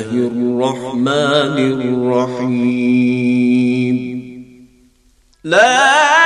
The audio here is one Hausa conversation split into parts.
الله الرحمن الرحيم لا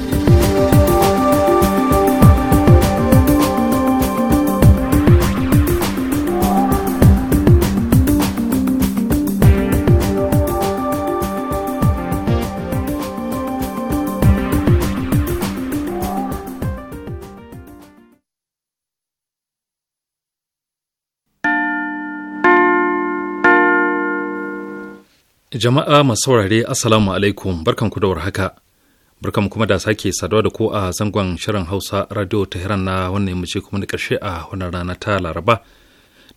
Jama'a masu saurare Assalamu alaikum barkanku da warhaka. Barkanku kuma da sake saduwa da ku a zangon shirin Hausa Radio Tehran na wannan yammaci kuma da ƙarshe a wannan rana ta Laraba.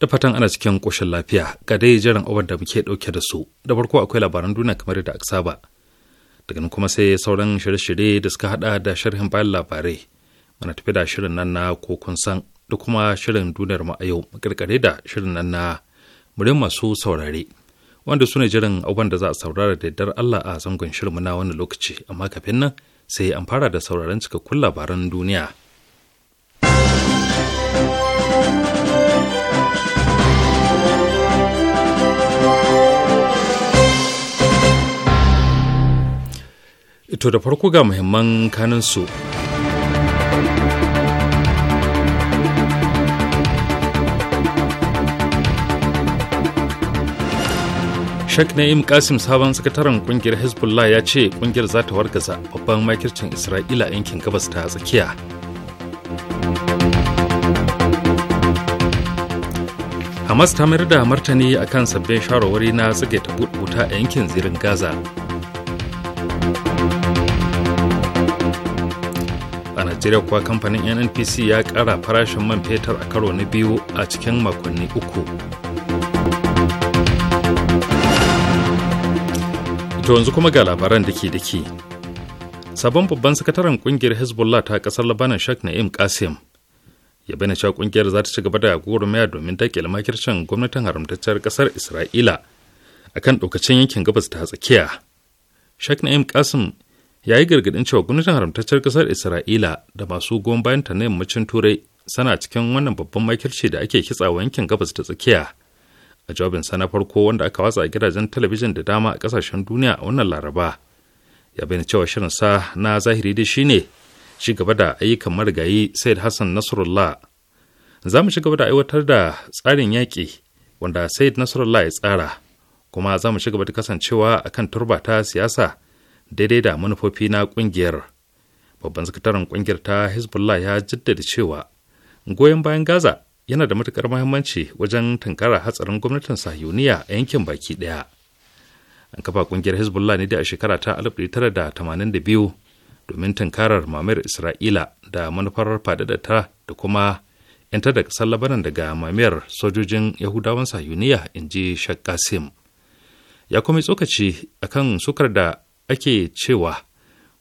Da fatan ana cikin ƙoshin lafiya ga dai jiran awar da muke ɗauke da su. Da farko akwai labaran duniya kamar yadda aka saba. Daga nan kuma sai sauran shirye-shirye da suka haɗa da sharhin bayan labarai. mana tafi da shirin nan na ko kun san da kuma shirin duniyar mu a yau. karkare da shirin nan na murin masu saurare. wanda su ne jiran abubuwan da za a saurara da yardar Allah a zangon shirinmu na wani lokaci amma kafin nan sai an fara da sauraron cikakkun labaran duniya. Ito da farko ga muhimman kanin su. Sheikh Na'im Kasim sabon sakataren kungiyar Hezbollah ya ce kungiyar za ta wargaza babban makircin Isra'ila yankin gabas ta tsakiya. Hamas ta mayar da martani akan sabbin shawarwari na tsage ta wuta a yankin zirin Gaza. A Najeriya kuwa kamfanin NNPC ya ƙara farashin man fetur a karo na biyu a cikin makonni uku. To yanzu kuma ga labaran da ke da ke. Sabon babban sakataren kungiyar Hezbollah ta kasar Labanan Shak Na'im Qasim ya bayyana cewa kungiyar za ta ci gaba da gwagwarmaya domin dakile makircin gwamnatin haramtacciyar kasar Isra'ila akan dokacin yankin gabas ta tsakiya. Shak Na'im Qasim ya yi gargadin cewa gwamnatin haramtacciyar kasar Isra'ila da masu goyon bayan ta na yammacin Turai sana cikin wannan babban makirci da ake kitsawa yankin gabas ta tsakiya. a jawabinsa na farko wanda aka watsa a gidajen talabijin da dama a kasashen duniya a wannan laraba ya bayyana cewa shirinsa na zahiri dai ne ci gaba da ayyukan marigayi said hassan nasrullah za mu ci gaba da aiwatar da tsarin yaƙi wanda said nasrullah ya tsara kuma za mu ci gaba da kasancewa a kan turba ta siyasa daidai da manufofi na ƙungiyar babban sakataren ƙungiyar ta hezbollah ya jaddada cewa goyon bayan gaza yana da matukar muhimmanci wajen tunkara hatsarin gwamnatin sahiyuniya a yankin baki daya an kafa kungiyar hezbollah ne da a shekara ta 1982 domin tunkarar mamayar isra'ila da manufar fadada ta da kuma yanta da kasar labanan daga mamayar sojojin yahudawan sahiyuniya in ji shakasim ya kuma tsokaci a kan sukar da ake cewa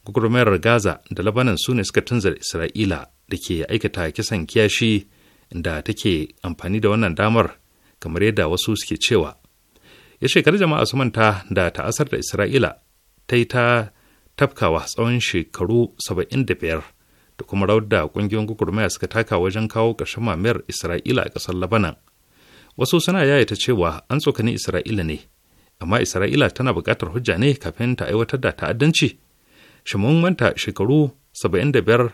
gwagwarmayar gaza da labanan su ne suka tunzar isra'ila da ke aikata kisan kiyashi da take amfani da wannan damar kamar yadda wasu suke cewa ya shekaru jama'a su manta da ta'asar da isra'ila ta yi ta tafkawa tsawon shekaru 75 da kuma rawar da ƙungiyoyin gwagwarmaya suka taka wajen kawo ƙarshen mamayar isra'ila a ƙasar labanan wasu suna ta cewa an tsokani isra'ila ne amma isra'ila tana buƙatar hujja ne kafin ta aiwatar da ta'addanci wanta shekaru saba'in shekaru 75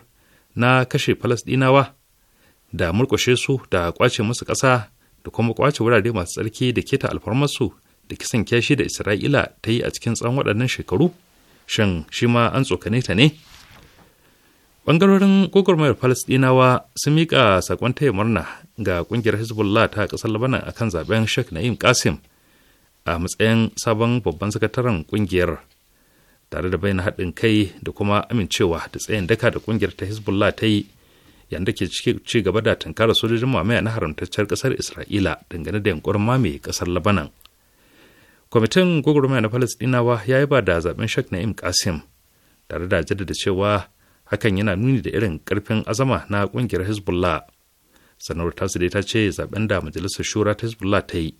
na kashe falasɗinawa da murƙushe su da kwace musu ƙasa da kuma kwace wurare masu tsarki da keta alfarmarsu da kisan kyashi da isra'ila ta yi a cikin tsawon waɗannan shekaru shin shi ma an tsokane ta ne ɓangarorin gwagwarmayar falastinawa sun miƙa saƙon taya murna ga ƙungiyar hezbollah ta ƙasar labanan akan zaben sheikh na'im kasim a matsayin sabon babban sakataren ƙungiyar tare da bayyana haɗin kai da kuma amincewa da tsayin daka da ƙungiyar ta hezbollah ta yi yanda ke ci gaba da tunkarar sojojin mamaya na haramtaccen kasar isra'ila dangane da yankurin mamaye kasar labanan kwamitin gwagwarmaya na falastinawa ya yi ba da zaben shak na im kasim tare da jaddada cewa hakan yana nuni da irin karfin azama na kungiyar hezbollah sanarwar tasu dai ta ce zaben da majalisar shura ta hezbollah ta yi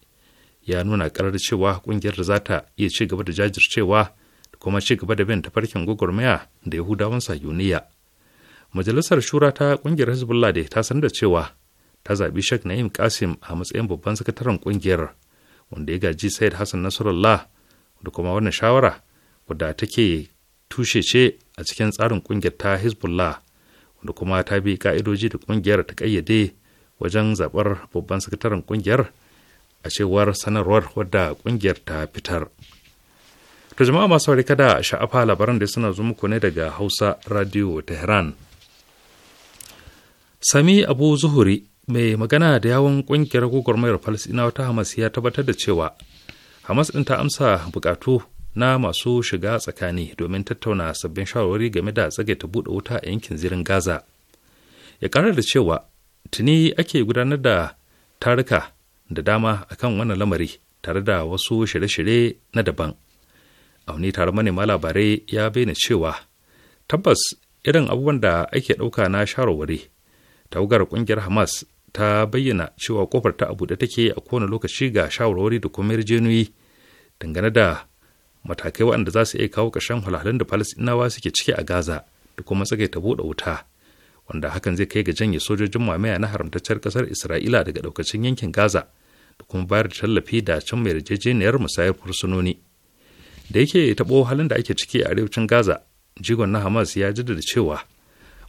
ya nuna karar cewa kungiyar da za ta iya ci gaba da jajircewa da kuma ci gaba da bin tafarkin gwagwarmaya da yahudawan sayuniya majalisar shura ta kungiyar hezbollah da ta sanar da cewa ta zaɓi sheikh na'im kasim a matsayin babban sakataren kungiyar wanda ya gaji said hassan nasarallah da kuma wannan shawara wadda take tushe ce a cikin tsarin kungiyar ta hezbollah wanda kuma ta bi ka'idoji da kungiyar ta kayyade wajen zaɓar babban sakataren kungiyar a cewar sanarwar wadda kungiyar ta fitar to jama'a masu kada sha'afa labaran da suna zo muku ne daga hausa radio tehran sami abu zuhuri mai magana da yawon kungiyar gwagwarmayar falasinawa ta hamas ya tabbatar da cewa hamas ɗin ta amsa buƙatu na masu shiga tsakani domin tattauna sabbin shawarwari game da tsagaita buɗe wuta a yankin zirin gaza ya ƙara da cewa tuni ake gudanar da taruka da dama akan wannan lamari tare da wasu shirye-shirye na daban auni tare manema labarai ya bayyana cewa tabbas irin abubuwan da ake ɗauka na shawarwari tawagar kungiyar hamas ta bayyana cewa kofar ta abu da take a kowane lokaci ga shawarwari da kuma yarjejeniyoyi dangane da matakai waɗanda za su iya kawo ƙarshen halalun da falasɗinawa suke ciki a gaza da kuma ta buɗe wuta wanda hakan zai kai ga janye sojojin mamaya na haramtacciyar ƙasar isra'ila daga ɗaukacin yankin gaza da kuma bayar da tallafi da can mai yarjejeniyar musayar fursunoni da yake taɓo halin da ake ciki a arewacin gaza jigon na hamas ya jaddada cewa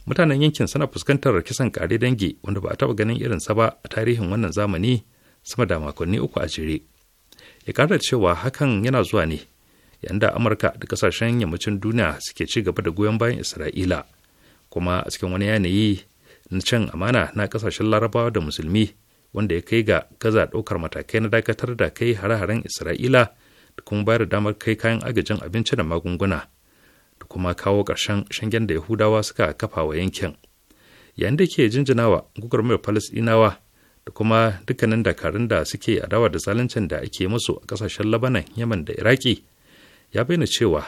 mutanen yankin suna fuskantar kisan kare dangi wanda ba a taɓa ganin irinsa ba a tarihin wannan zamani sama da makonni uku a jere ya kara cewa hakan yana zuwa ne yanda amurka da kasashen yammacin duniya suke ci gaba da goyon bayan isra'ila kuma a cikin wani yanayi na cin amana na kasashen larabawa da musulmi wanda ya kai ga gaza ɗaukar matakai na dakatar da kai hare-haren isra'ila da kuma bayar da damar kai kayan agajin abinci da magunguna kuma kawo ƙarshen shingen da yahudawa suka kafa wa yankin yayin da ke jinjinawa gugurmar falastinawa da kuma dukkanin dakarun da suke adawa da zaluncin da ake musu a ƙasashen labanan yaman da iraki ya bayyana cewa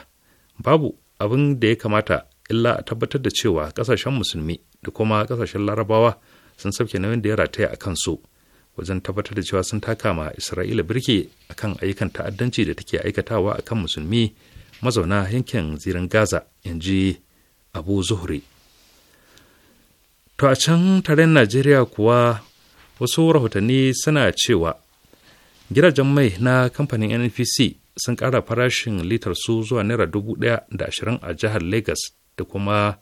babu abin da ya kamata illa a tabbatar da cewa ƙasashen musulmi da kuma ƙasashen larabawa sun sauke nauyin da ya rataya a kansu wajen tabbatar da cewa sun taka ma isra'ila birki akan ayyukan ta'addanci da take aikatawa akan musulmi mazauna yankin zirin gaza in ji abu zuhri to a can taren najeriya kuwa wasu rahotanni suna cewa gidajen mai na kamfanin npc sun ƙara farashin litar su zuwa naira dubu ɗaya da ashirin a jihar lagos da kuma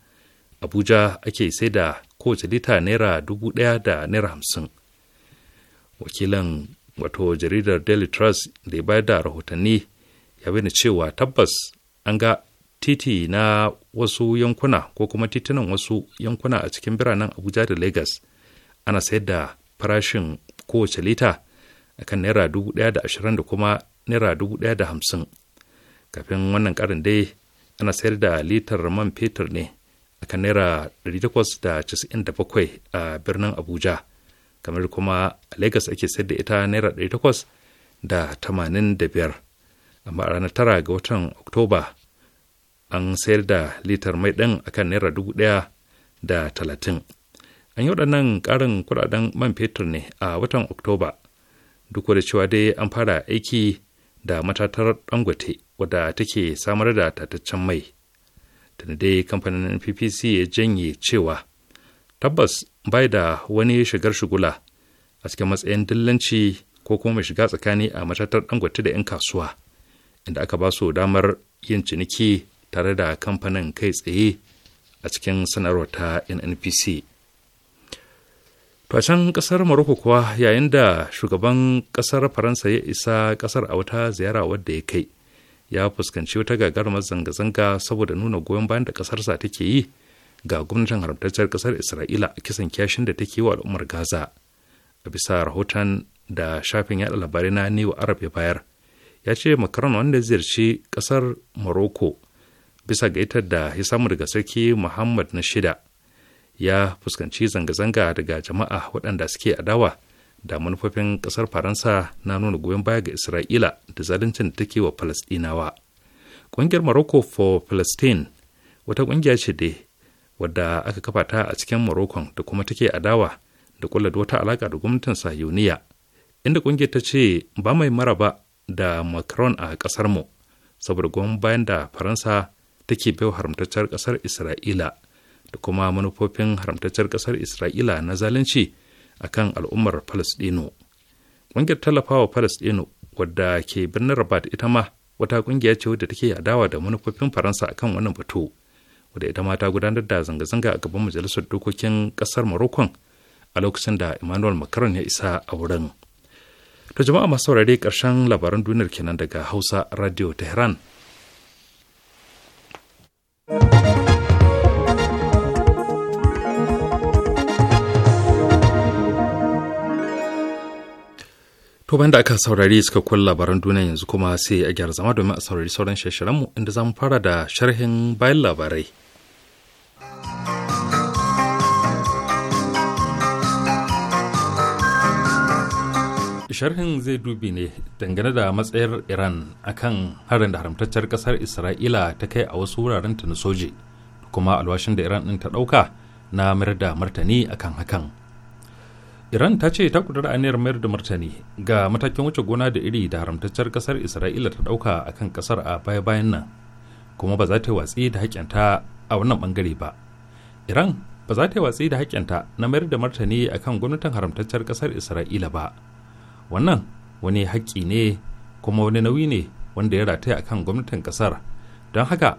abuja ake sai da kowace lita naira dubu ɗaya da naira hamsin wakilan wato jaridar daily trust da ya bayar da rahotanni ya bayyana cewa tabbas an ga titi na wasu yankuna ko kuma titunan wasu yankuna a cikin biranen abuja da lagos ana sayar da farashin kowace lita akan naira dubu daya da ashirin da kuma naira dubu daya da hamsin kafin wannan karin dai ana sayar da litar man fetur ne akan naira ɗari da casa'in da a birnin abuja kamar kuma a lagos ake sayar da ita naira ɗari tamanin da biyar amma a ranar tara ga watan oktoba an sayar da litar mai ɗin a akan naira dubu ɗaya da talatin an yi waɗannan ƙarin kuɗaɗen man fetur ne a watan oktoba duk da cewa dai an fara aiki da matatar dangote wadda take samar da tataccen mai tana dai kamfanin ppc ya janye cewa tabbas bai da wani shigar shugula a cikin matsayin dillanci ko kuma mai shiga tsakani a matatar dangote da 'yan kasuwa inda aka ba su damar yin ciniki tare da kamfanin kai tsaye a cikin sanarwar ta nnpc Facen ƙasar Morocco kuwa yayin da shugaban ƙasar Faransa ya isa ƙasar a wata ziyara wadda ya kai ya fuskanci wata gagarumar zanga-zanga saboda nuna goyon bayan da ƙasarsa take yi ga gwamnatin haramtacciyar ƙasar Isra'ila a kisan kyashin da take yi wa al'ummar Gaza. A bisa rahoton da shafin yaɗa labarai na New Arab ya bayar, ya ce macron wanda ziyarci kasar morocco bisa ga ita da ya samu daga sarki muhammad na shida ya fuskanci zanga-zanga daga jama'a waɗanda suke adawa da manufofin ƙasar faransa na nuna goyon baya ga isra'ila da zaluncin da take wa falastinawa ƙungiyar morocco for palestine wata ƙungiya ce dai wadda aka kafa ta a cikin morocco da kuma take adawa da kulla wata alaƙa da gwamnatin sayuniya inda ƙungiyar ta ce ba mai maraba da macron a ƙasar mu saboda goyon bayan da faransa take baiwa haramtaccen ƙasar isra'ila da kuma manufofin haramtaccen ƙasar isra'ila na zalunci a kan al'ummar palestino ƙungiyar tallafawa palestino wadda ke birnin rabat ita ma wata ƙungiya ce wadda take adawa da manufofin faransa akan wannan batu wadda ita ma ta gudanar da zanga-zanga a gaban majalisar dokokin ƙasar morocco a lokacin da emmanuel macron ya isa a wurin To jama'a masu saurare ƙarshen labaran duniyar kenan daga Hausa Radio Tehran. To da aka saurari suka kun labaran duniya yanzu kuma sai a gyara zama domin a saurari sauran shirye-shiryenmu inda za mu fara da sharhin bayan labarai. sharhin zai dubi ne dangane da matsayar iran akan harin da haramtacciyar kasar isra'ila ta kai a wasu wuraren ta na soji kuma alwashin da iran din ta dauka na mayar da martani akan hakan iran ta ce ta kudura aniyar mayar da martani ga matakin wuce gona da iri da haramtacciyar kasar isra'ila ta dauka akan kasar a baya-bayan nan kuma ba za ta watsi da haƙƙinta a wannan bangare ba iran ba za ta yi watsi da ta na mayar da martani akan gwamnatin haramtacciyar kasar isra'ila ba wannan wani haƙƙi ne kuma wani nauyi ne wanda ya rataya akan gwamnatin kasar. don haka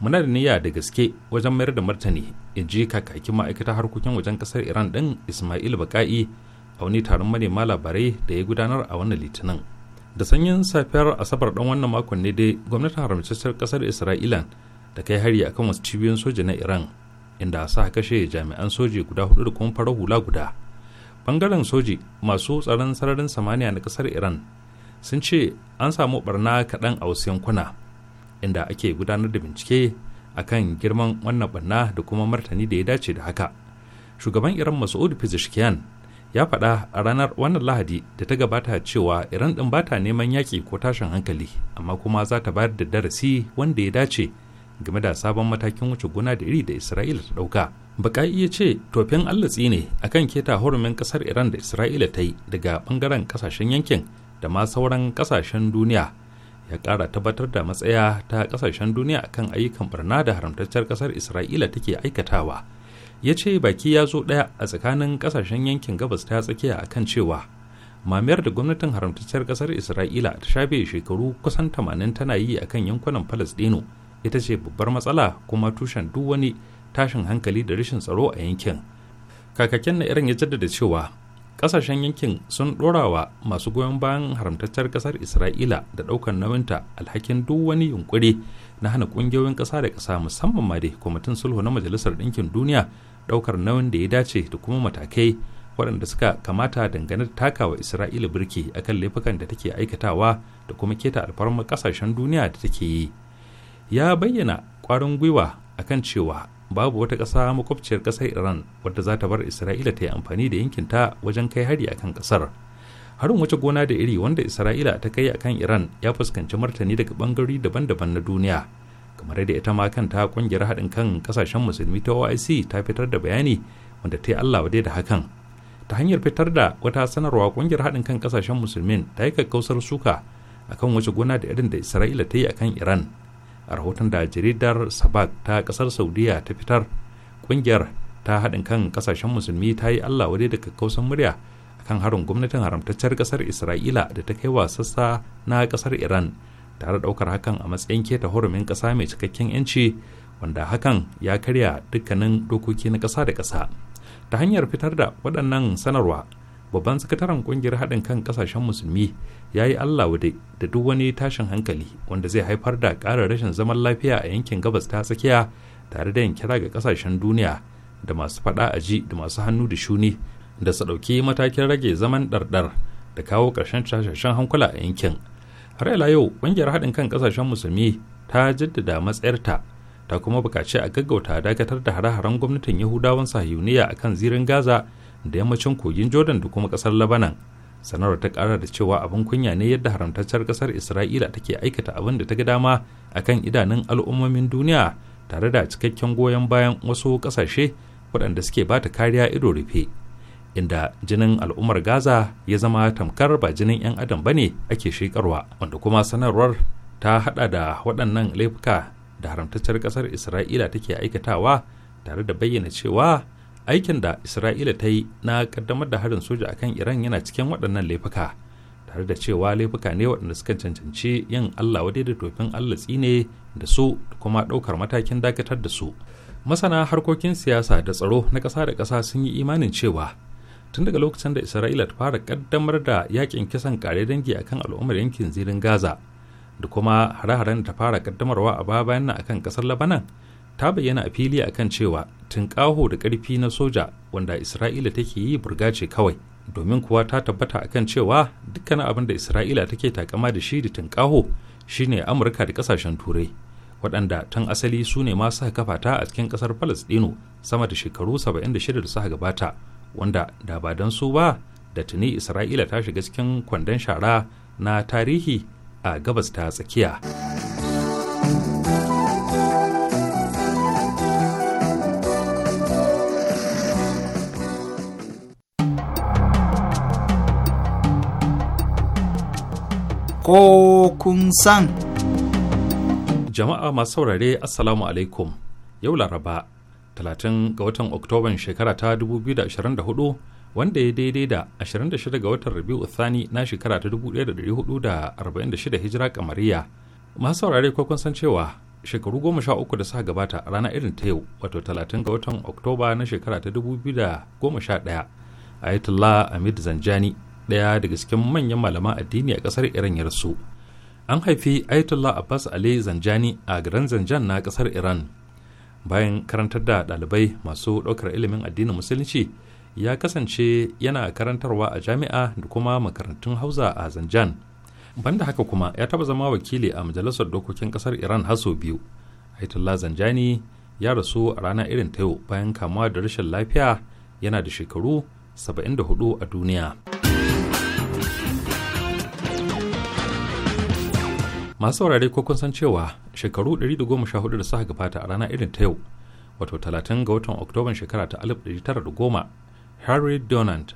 muna da niyya da gaske wajen mayar da martani in ji kakakin ma'aikatar harkokin wajen kasar iran ɗin ismail baka'i a wani taron manema labarai da ya gudanar a wannan litinin da sanyin safiyar asabar ɗan wannan makon ne dai gwamnatin haramtacciyar ƙasar isra'ila da kai hari akan wasu cibiyoyin soja na iran inda sa kashe jami'an soja guda hudu da kuma fara hula guda bangaren soji masu tsaron sararin samaniya na kasar iran sun ce an samu barna kaɗan a wasu yankuna inda ake gudanar da bincike a kan girman wannan barna da kuma martani da ya dace da haka shugaban iran masu'ud fizishkiyan ya faɗa a ranar wannan lahadi da ta gabata cewa iran ɗin ba ta neman yaƙi ko tashin hankali amma kuma za ta bayar da darasi wanda ya dace game da sabon matakin wuce gona da iri da isra'ila ta ɗauka baƙa'i ya ce tofin allatsi ne a kan keta hurumin kasar iran da isra'ila ta yi daga bangaren kasashen yankin da ma sauran kasashen duniya ya kara tabbatar da matsaya ta kasashen duniya kan ayyukan barna da haramtaccen kasar isra'ila take aikatawa ya ce baki ya zo ɗaya a tsakanin kasashen yankin gabas ta tsakiya kan cewa mamayar da gwamnatin haramtacciyar kasar isra'ila ta shafe shekaru kusan 80 tana yi a kan yankunan falasɗinu ita ce babbar matsala kuma tushen duk wani tashin hankali da rashin tsaro a yankin kakakin na irin ya jaddada cewa kasashen yankin sun ɗorawa masu goyon bayan haramtaccen kasar isra'ila da ɗaukar nauyinta alhakin duk wani yunkuri na hana ƙungiyoyin ƙasa da ƙasa musamman ma da kwamitin sulhu na majalisar ɗinkin duniya ɗaukar nauyin da ya dace da kuma matakai waɗanda suka kamata dangane da takawa isra'ila birki akan laifukan da take aikatawa da kuma keta alfarmar kasashen duniya da take yi ya bayyana kwarin gwiwa akan cewa babu wata ƙasa makwabciyar ƙasar iran wadda za ta bar isra'ila ta yi amfani da yankin ta wajen kai hari akan ƙasar harin wace gona da iri wanda isra'ila ta kai akan iran ya fuskanci martani daga bangarori daban-daban na duniya kamar da ita ma kanta kungiyar haɗin kan ƙasashen musulmi ta oic ta fitar da bayani wanda ta yi allah dai da hakan ta hanyar fitar da wata sanarwa kungiyar haɗin kan ƙasashen musulmin ta yi kakkausar suka akan wace gona da irin da isra'ila ta yi akan iran a rahoton da jaridar sabak ta kasar saudiya ta fitar kungiyar ta haɗin kan kasashen musulmi ta yi allah wadai da kakkausan murya kan harin gwamnatin haramtacciyar kasar isra'ila da ta kai wa sassa na kasar iran tare ɗaukar hakan a matsayin keta hurumin ƙasa mai cikakken 'yanci wanda hakan ya karya dukkanin dokoki na ƙasa da ƙasa ta hanyar fitar da waɗannan sanarwa babban sakataren kungiyar haɗin kan ƙasashen musulmi ya yi allah wadai da duk wani tashin hankali wanda zai haifar da ƙara rashin zaman lafiya a yankin gabas ta tsakiya tare da yin kira ga kasashen duniya da masu faɗa a ji da masu hannu da shuni da su ɗauki matakin rage zaman ɗarɗar da kawo ƙarshen tashashen hankula a yankin har ila yau kungiyar haɗin kan ƙasashen musulmi ta jaddada matsayarta ta kuma buƙaci a gaggauta dakatar da hare-haren gwamnatin yahudawan sahiyuniya akan zirin gaza da yammacin kogin jordan da kuma kasar labanan sanarwar ta kara da cewa abin kunya ne yadda haramtaccen kasar isra'ila take aikata abin da ta ga dama a kan idanun al'ummomin duniya tare da cikakken goyon bayan wasu kasashe waɗanda suke ba ta kariya ido rufe inda jinin al'ummar gaza ya zama tamkar ba jinin 'yan adam ba ne ake shekarwa wanda kuma sanarwar ta hada da waɗannan laifuka da haramtaccen kasar isra'ila take aikatawa tare da bayyana cewa aikin da isra'ila ta yi na kaddamar da harin soja akan iran yana cikin waɗannan laifuka tare da cewa laifuka ne waɗanda suka cancanci yin allah wadai da tofin allah tsine da su kuma ɗaukar matakin dakatar da su masana harkokin siyasa da tsaro na ƙasa da ƙasa sun yi imanin cewa tun daga lokacin da isra'ila ta fara kaddamar da yakin kisan kare dangi akan al'ummar yankin zirin gaza da kuma hare-haren da ta fara kaddamarwa a baya bayan nan akan ƙasar labanan ta bayyana a fili akan cewa tunƙaho da ƙarfi na soja wanda isra'ila take yi burga ce kawai domin kuwa ta tabbata akan cewa dukkanin abin da isra'ila take takama da shi da tunƙaho shine amurka da ƙasashen turai waɗanda tun asali su ne masu kafa ta a cikin ƙasar palestino sama da shekaru 76 da suka gabata wanda da ba don su ba da tuni isra'ila ta shiga cikin kwandon shara na tarihi a gabas ta tsakiya. ko kun san. Jama'a masu saurare Assalamu alaikum yau Laraba 30 ga watan Oktoban shekara ta 2024 wanda ya daidai da 26 ga watan Rabiu Thani na shekara ta 1446 hijira kamariya. Masu saurare ko kun san cewa shekaru goma sha uku da suka gabata a rana irin ta yau wato talatin ga watan Oktoba na shekara ta dubu biyu da goma sha daya Ayatollah Amid Zanjani ɗaya daga cikin manyan malaman addini a ƙasar iran ya rasu an haifi ayatollah abbas ali zanjani a garin zanjan na ƙasar iran bayan karantar da ɗalibai masu ɗaukar ilimin addinin musulunci ya kasance yana karantarwa a jami'a da kuma makarantun hausa a zanjan banda haka kuma ya taɓa zama wakili a majalisar dokokin ƙasar iran haso biyu ayatollah zanjani ya rasu a rana irin ta yau bayan kamuwa da rashin lafiya yana da shekaru 74 a duniya. masu saurare ko kun san cewa shekaru 114 da suka gabata a rana irin ta yau wato 30 ga watan oktoban shekara ta 1910 harry donant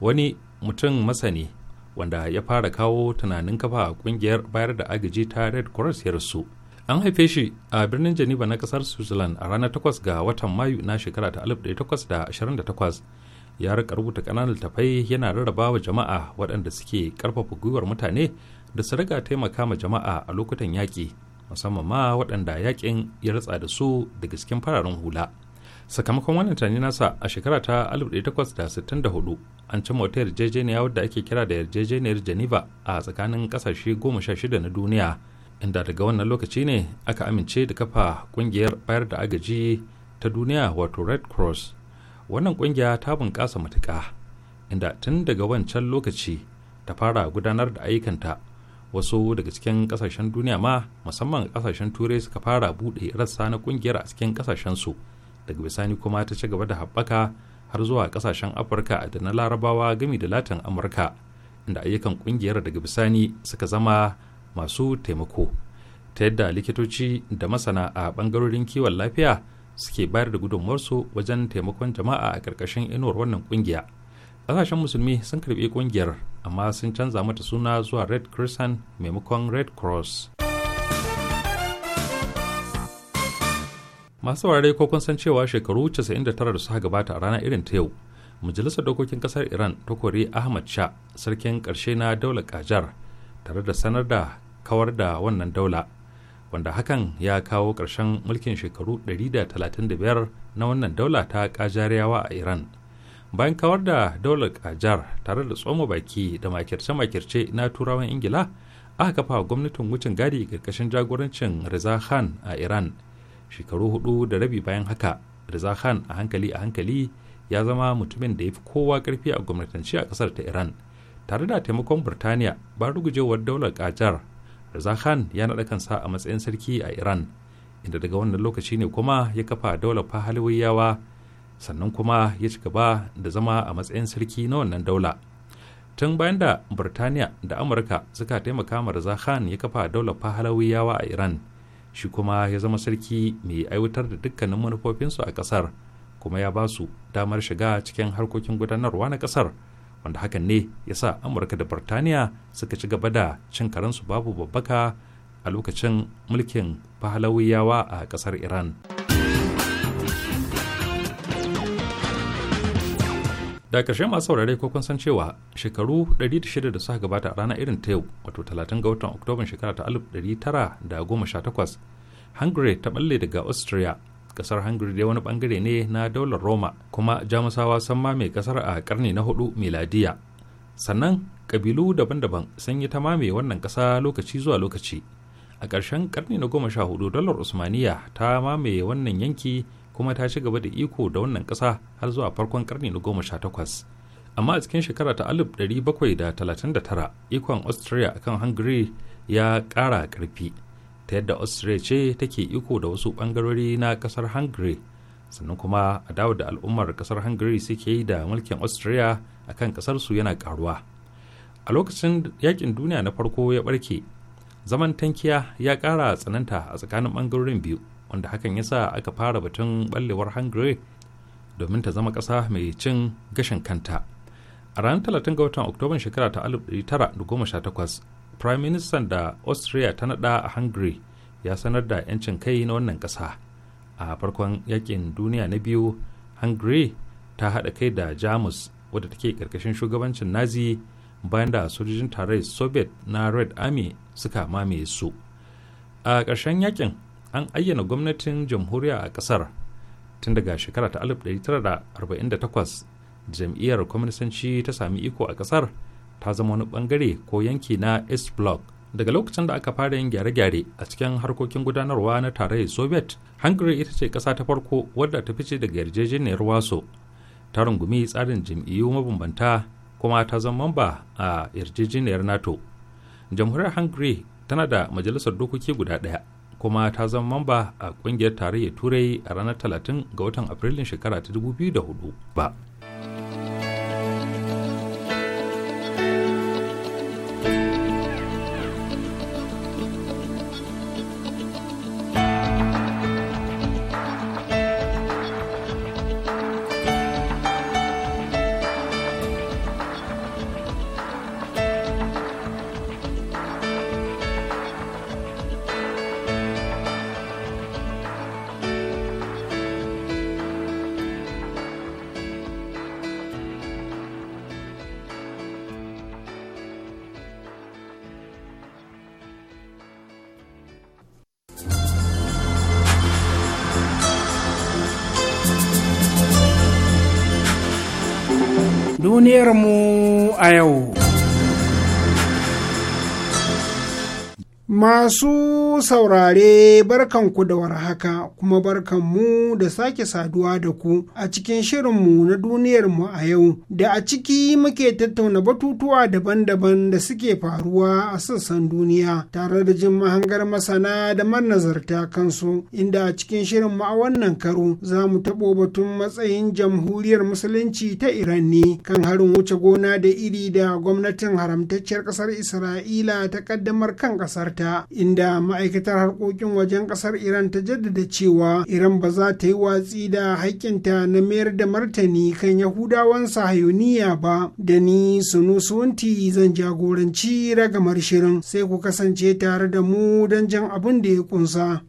wani mutum masani wanda ya fara kawo tunanin kafa a kungiyar bayar da agaji ta red cross ya rasu an haife shi a birnin geneva na kasar switzerland a ranar 8 ga watan mayu na shekara ta 1828 ya rika rubuta kananan tafai yana rarraba wa jama'a waɗanda suke karfafa gwiwar mutane da su riga taimaka ma jama'a a lokutan yaƙi musamman ma waɗanda yaƙin ya ratsa da su daga cikin fararen hula sakamakon wannan tani nasa a shekara ta 1864 an cimma wata yarjejeniya wadda ake kira da yarjejeniyar geneva a tsakanin ƙasashe goma sha shida na duniya inda daga wannan lokaci ne aka amince da kafa ƙungiyar bayar da agaji ta duniya wato red cross wannan ƙungiya ta bunƙasa matuƙa inda tun daga wancan lokaci ta fara gudanar da ayyukanta wasu daga cikin kasashen duniya ma musamman kasashen turai suka fara buɗe rassa na kungiyar a cikin kasashen su daga bisani kuma ta ci gaba da haɓaka har zuwa kasashen afirka da na larabawa gami da latin amurka inda ayyukan kungiyar daga bisani suka zama masu taimako ta yadda likitoci da masana a bangarorin kiwon lafiya suke bayar da gudunmuwarsu wajen taimakon jama'a a ƙarƙashin inuwar wannan kungiya. kasashen musulmi sun karbi kungiyar amma sun canza mata suna zuwa red crescent maimakon red cross masu ware ko kun san cewa shekaru 99 da suka gabata a rana irin ta yau majalisar dokokin kasar iran ta kori ahmad sha sarkin karshe na daular kajar tare da sanar da kawar da wannan daula wanda hakan ya kawo karshen mulkin shekaru 135 na wannan daula ta kajariyawa a iran bayan kawar da daular kajar tare da tsoma baki da makirce-makirce na turawan ingila aka kafa gwamnatin wucin gadi ƙarƙashin jagorancin Reza a Iran. Shekaru hudu da rabi bayan haka, Reza a hankali a hankali ya zama mutumin da ya fi kowa ƙarfi a gwamnatance a ƙasar ta Iran. Tare da taimakon Burtaniya, ba rugujewar daular kajar rizahan ya naɗa kansa a matsayin sarki a Iran, inda daga wannan lokaci ne kuma ya kafa daular Pahlawiyawa sannan kuma ya ci gaba da zama a matsayin sarki na wannan daula tun bayan da birtaniya da amurka suka taimaka ma raza khan ya kafa daular fahalawiyawa a iran shi kuma ya zama sarki mai aiwatar da dukkanin manufofinsu a kasar kuma ya ba su damar shiga cikin harkokin gudanarwa na kasar wanda hakan ne ya sa amurka da burtaniya suka ci gaba da cin karansu babu babbaka a lokacin mulkin fahalawiyawa a kasar iran. da ƙarshe masu saurare ko kun san cewa shekaru 106 da suka gabata a ranar irin ta yau wato 30 ga watan oktoban shekara ta 1918 hungary ta balle daga austria kasar hungary dai wani bangare ne na daular roma kuma jamusawa sun mame kasar a karni na hudu miladiya sannan kabilu daban-daban sun yi ta mame wannan kasa lokaci zuwa lokaci a ƙarshen karni na goma sha hudu dalar usmaniya ta mamaye wannan yanki kuma ta ci gaba da iko da wannan ƙasa har zuwa farkon karni na goma sha takwas amma a cikin shekara ta alif dari bakwai da talatin da tara ikon austria akan hungary ya ƙara ƙarfi ta yadda austria ce take iko da wasu ɓangarori na ƙasar hungary sannan kuma a dawo da al'ummar ƙasar hungary suke yi da mulkin austria akan ƙasar su yana ƙaruwa a lokacin yakin duniya na farko ya ɓarke zaman tankiya ya ƙara tsananta a tsakanin ɓangarorin biyu wanda hakan ya sa aka fara batun ballewar hungary domin ta zama ƙasa mai cin gashin kanta a ranar 30 ga watan oktoban shekara ta 1918 prime minister da austria ta nada a hungary ya sanar da 'yancin kai na wannan ƙasa a farkon yakin duniya na biyu hungary ta haɗa kai da jamus wadda take ƙarƙashin shugabancin nazi bayan da sojojin tarayyar soviet na red army suka mamaye su a ƙarshen yakin an ayyana gwamnatin jamhuriya a kasar. tun daga shekara ta 1948 jam'iyyar kwamnisanci ta sami iko a kasar ta zama wani bangare ko yanki na east block daga lokacin da aka fara yin gyare-gyare a cikin harkokin gudanarwa na tarayyar soviet hungary ita ce kasa ta farko wadda ta fice daga yarjejeniyar waso ta rungumi tsarin jam'iyyu mabambanta kuma ta zama mamba a yarjejeniyar nato jamhuriyar hungary tana da majalisar dokoki guda ɗaya kuma ta zama mamba a kungiyar tarayyar turai a ranar 30 ga watan afrilun shekara ta 2004 ba Israel. o Masu saurare barkanku da warhaka kuma barkanmu da sake saduwa da ku a cikin shirinmu na duniyarmu a yau da a ciki muke tattauna batutuwa daban-daban da suke faruwa a sassan duniya tare da jin mahangar masana da manazarta kansu inda a cikin shirinmu a wannan karo za mu taɓo batun matsayin jamhuriyar musulunci ta Iran ne kan harin wuce gona da iri da gwamnatin haramtacciyar ƙasar Isra'ila ta ƙaddamar kan ƙasarta inda ma'aikatan ma'aikatar harkokin wajen kasar iran ta jaddada cewa iran ba za ta yi watsi da haƙƙinta na mayar da martani kan yahudawan sahayoniya ba da ni sunusunti zan jagoranci ragamar shirin sai ku kasance tare da mu don jan abin da ya kunsa.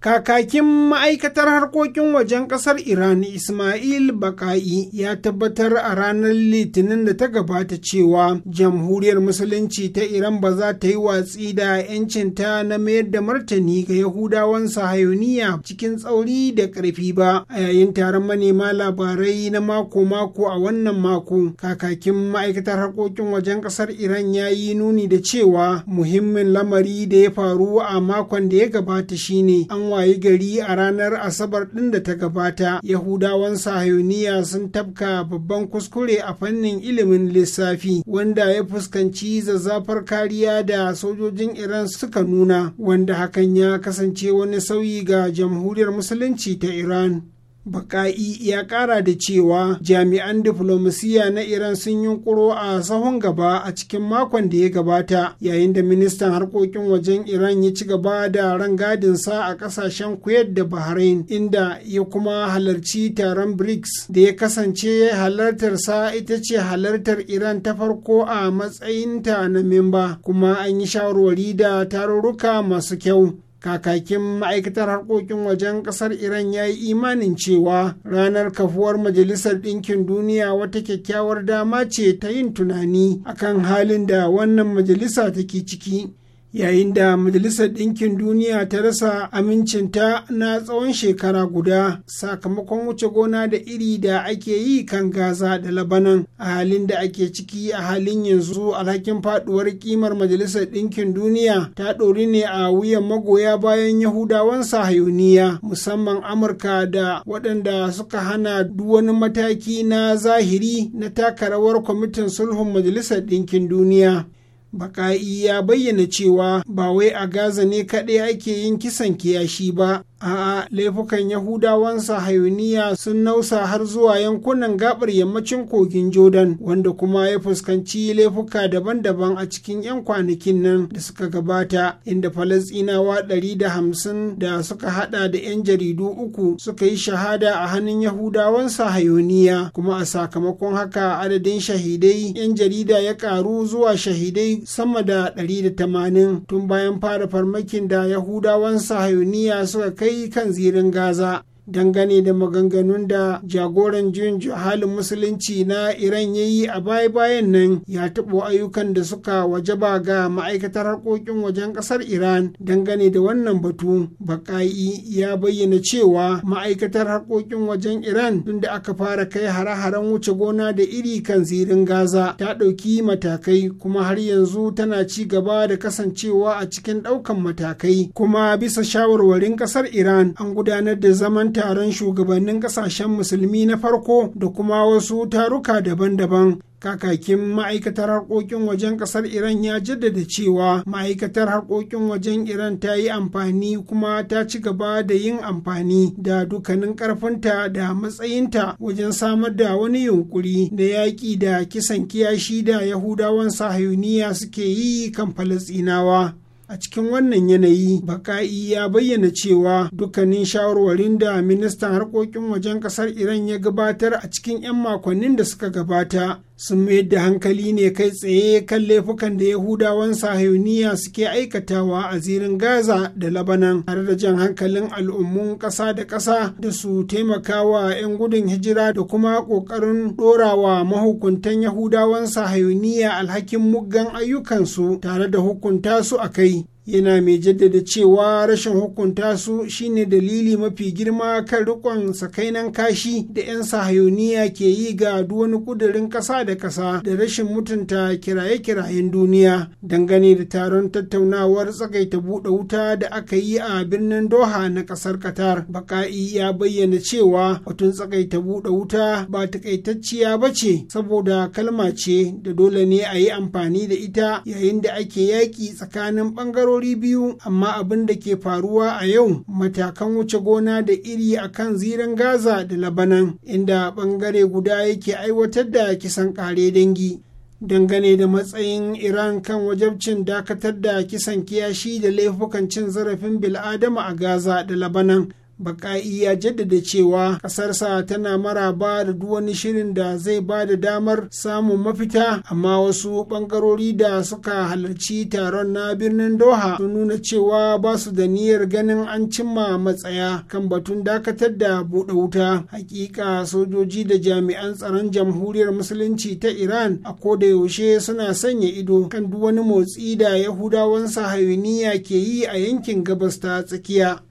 Kakakin ma'aikatar harkokin wajen ƙasar Iran Ismail Baka'i ya tabbatar a ranar Litinin da ta gabata cewa jamhuriyar Musulunci ta Iran ba za ta yi watsi da 'yancinta na mayar da martani ga Yahudawan sahayoniya cikin tsauri da ƙarfi ba a yayin taron manema labarai na mako-mako a wannan mako. Kakakin ma'aikatar harkokin wajen ƙasar Iran ya yi nuni da cewa muhimmin lamari da ya faru a makon da ya gabata shine an waye gari a ranar asabar ɗin da ta gabata yahudawan Sahauniya sun tabka babban kuskure a fannin ilimin lissafi wanda ya fuskanci zazzafar kariya da sojojin iran suka nuna wanda hakan ya kasance wani sauyi ga jamhuriyar musulunci ta iran Baka'i ya ƙara da cewa jami'an diflomasiyya na Iran sun yi yunkuro a sahun gaba a cikin makon da ya gabata yayin da ministan harkokin wajen Iran ya ci gaba da rangadinsa a ƙasashen Kuwait da Bahrain inda ya kuma halarci taron BRICS da ya kasance halartarsa ita ce halartar Iran ta farko a matsayinta na memba kuma an yi shawarwari da tarurruka masu kyau. kakakin ma'aikatar harkokin wajen kasar iran ya yi imanin cewa ranar kafuwar majalisar ɗinkin duniya wata kyakkyawar dama ce ta yin tunani akan halin da wannan majalisa take ciki yayin da majalisar ɗinkin duniya ta rasa amincinta na tsawon shekara guda sakamakon wuce gona da iri da ake yi kan gaza da labanan a halin da ake ciki a halin yanzu alhakin faduwar kimar majalisar ɗinkin duniya ta ɗori ne a wuyan magoya bayan yahudawan sahayuniya musamman amurka da waɗanda suka hana duk wani mataki na zahiri na taka kwamitin sulhun majalisar ɗinkin duniya Baƙa'i ya bayyana cewa ba wai a Gaza ne kaɗai ake yin kisan kiyashi ba, A'a, laifukan Yahudawan Sahayuniya sun nausa har zuwa yankunan gabar yammacin kogin Jordan, wanda kuma ya fuskanci laifuka daban-daban a cikin 'yan kwanakin nan da suka gabata, inda Falasɗinawa 150 da hamsin da suka hada da 'yan jaridu uku suka yi shahada a hannun Yahudawan Sahayuniya, kuma a sakamakon haka adadin shahidai 'yan jarida ya karu zuwa shahidai sama da 180 tun bayan fara farmakin da Yahudawan Sahayuniya suka kai sosai kan zirin gaza dangane da maganganun da jagoran juyin halin musulunci na iran ya yi a baya-bayan nan ya taɓo ayyukan da suka wajaba ga ma'aikatar harkokin wajen ƙasar iran dangane da wannan batu baƙa'i ya bayyana cewa ma'aikatar harkokin wajen iran tun aka fara kai hare-haren wuce gona da iri kan zirin gaza ta ɗauki matakai kuma har yanzu tana ci gaba da kasancewa a cikin ɗaukan matakai kuma bisa shawarwarin ƙasar iran an gudanar da zaman taron shugabannin kasashen musulmi na farko da kuma wasu taruka daban-daban kakakin ma'aikatar harkokin wajen kasar iran ya jaddada cewa ma'aikatar harkokin wajen iran ta yi amfani kuma ta ci gaba da yin amfani da dukkanin karfinta da matsayinta wajen samar da wani yunkuri da yaƙi da kisan kiyashi da yahudawan sahayuniya suke yi kan falasinawa a cikin wannan yanayi baka'i ya bayyana cewa dukkanin shawarwarin da ministan harkokin wajen kasar iran ya gabatar a cikin 'yan makonnin da suka gabata sun mayar da hankali ne kai tsaye kan laifukan da yahudawan sahiyoniya suke aikatawa a zirin gaza da labanan tare da jan hankalin al'ummun ƙasa da ƙasa da su taimakawa 'yan gudun hijira da kuma ƙoƙarin ɗorawa mahukuntan yahudawan sahiyoniya alhakin muggan ayyukansu tare da hukunta su a kai yana mai jaddada cewa rashin hukunta su shine dalili mafi girma kan rikon sakainan kashi da 'yan sahayoniya ke yi ga wani kudurin ƙasa da ƙasa da rashin mutunta kiraye-kirayen duniya dangane da taron tattaunawar tsagaita buɗe wuta da aka yi a birnin doha na ƙasar qatar baka'i ya bayyana cewa batun tsakaita buɗe wuta ba takaitacciya ba ce saboda kalma ce da dole ne a yi amfani da ita yayin da ake yaƙi tsakanin ɓangarori ɓangarori biyu amma abin da ke faruwa a yau matakan wuce gona da iri a kan ziren gaza da labanan inda bangare guda yake aiwatar da kisan kare dangi dangane da matsayin iran kan wajabcin dakatar da kisan kiyashi da laifukan cin zarafin bil'adama a gaza da labanan baƙa'i ya jaddada cewa ƙasarsa tana maraba da duk wani shirin da zai ba da damar samun mafita amma wasu ɓangarori da suka halarci taron na birnin doha sun nuna cewa ba su da niyyar ganin an cimma matsaya kan batun dakatar da buɗe wuta hakika sojoji da jami'an tsaron jamhuriyar musulunci ta iran a ko da yaushe suna sanya ido kan duk wani motsi da yahudawan sahayuniya ke yi a yankin gabas ta tsakiya